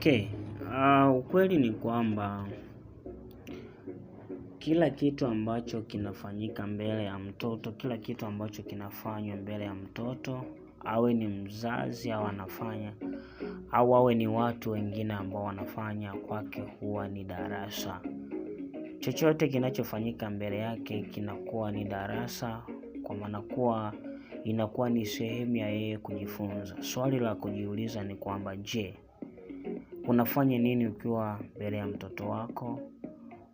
Okay, uh, ukweli ni kwamba kila kitu ambacho kinafanyika mbele ya mtoto, kila kitu ambacho kinafanywa mbele ya mtoto, awe ni mzazi au anafanya au awe ni watu wengine ambao wanafanya, kwake huwa ni darasa. Chochote kinachofanyika mbele yake kinakuwa ni darasa, kwa maana kuwa inakuwa ni sehemu ya yeye kujifunza. Swali la kujiuliza ni kwamba je, Unafanya nini ukiwa mbele ya mtoto wako?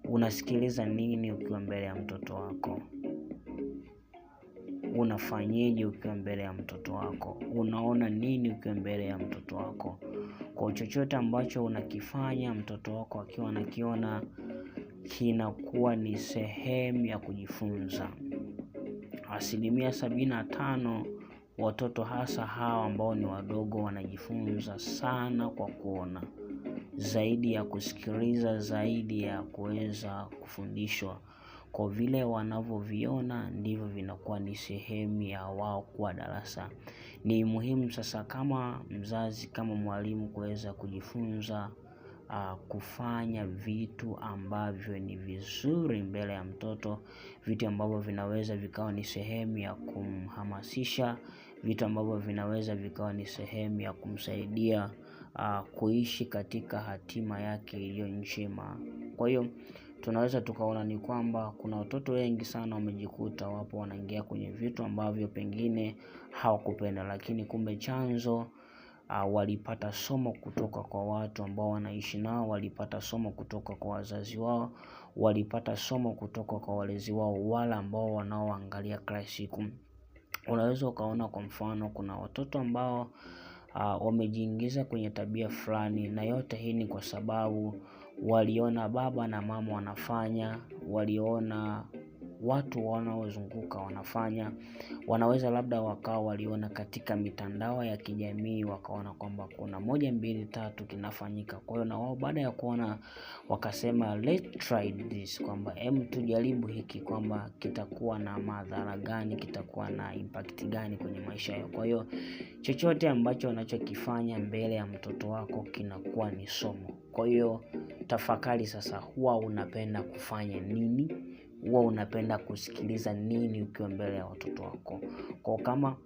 Unasikiliza nini ukiwa mbele ya mtoto wako? Unafanyeje ukiwa mbele ya mtoto wako? Unaona nini ukiwa mbele ya mtoto wako? Kwa chochote ambacho unakifanya, mtoto wako akiwa anakiona, kinakuwa ni sehemu ya kujifunza. Asilimia sabini na tano watoto hasa hawa ambao ni wadogo wanajifunza sana kwa kuona zaidi ya kusikiliza, zaidi ya kuweza kufundishwa. Kwa vile wanavyoviona ndivyo vinakuwa ni sehemu ya wao kuwa darasa. Ni muhimu sasa kama mzazi, kama mwalimu kuweza kujifunza Uh, kufanya vitu ambavyo ni vizuri mbele ya mtoto, vitu ambavyo vinaweza vikawa ni sehemu ya kumhamasisha vitu ambavyo vinaweza vikawa ni sehemu ya kumsaidia uh, kuishi katika hatima yake iliyo njema. Kwa hiyo tunaweza tukaona ni kwamba kuna watoto wengi sana wamejikuta wapo wanaingia kwenye vitu ambavyo pengine hawakupenda, lakini kumbe chanzo Uh, walipata somo kutoka kwa watu ambao wanaishi nao, walipata somo kutoka kwa wazazi wao, walipata somo kutoka kwa walezi wao, wale ambao wanaoangalia kila siku unaweza ukaona kwa mfano kuna watoto ambao uh, wamejiingiza kwenye tabia fulani, na yote hii ni kwa sababu waliona baba na mama wanafanya, waliona watu wanaozunguka wanafanya, wanaweza labda wakawa waliona katika mitandao ya kijamii, wakaona kwamba kuna moja mbili tatu kinafanyika. Kwa hiyo na wao baada ya kuona wakasema let's try this, kwamba hem, tujaribu hiki, kwamba kitakuwa na madhara gani, kitakuwa na impact gani kwenye maisha yao. Kwa hiyo chochote ambacho unachokifanya mbele ya mtoto wako kinakuwa ni somo. Kwa hiyo tafakari sasa, huwa unapenda kufanya nini huwa unapenda kusikiliza nini ukiwa mbele ya watoto wako. Kwa kama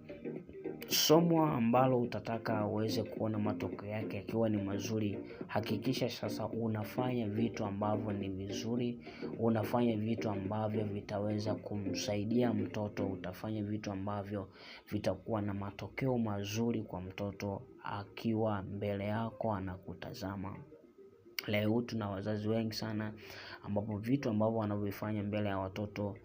somo ambalo utataka uweze kuona matokeo yake yakiwa ni mazuri, hakikisha sasa unafanya vitu ambavyo ni vizuri, unafanya vitu ambavyo vitaweza kumsaidia mtoto, utafanya vitu ambavyo vitakuwa na matokeo mazuri kwa mtoto akiwa mbele yako anakutazama leo tuna wazazi wengi sana ambapo vitu ambavyo wanavyofanya mbele ya watoto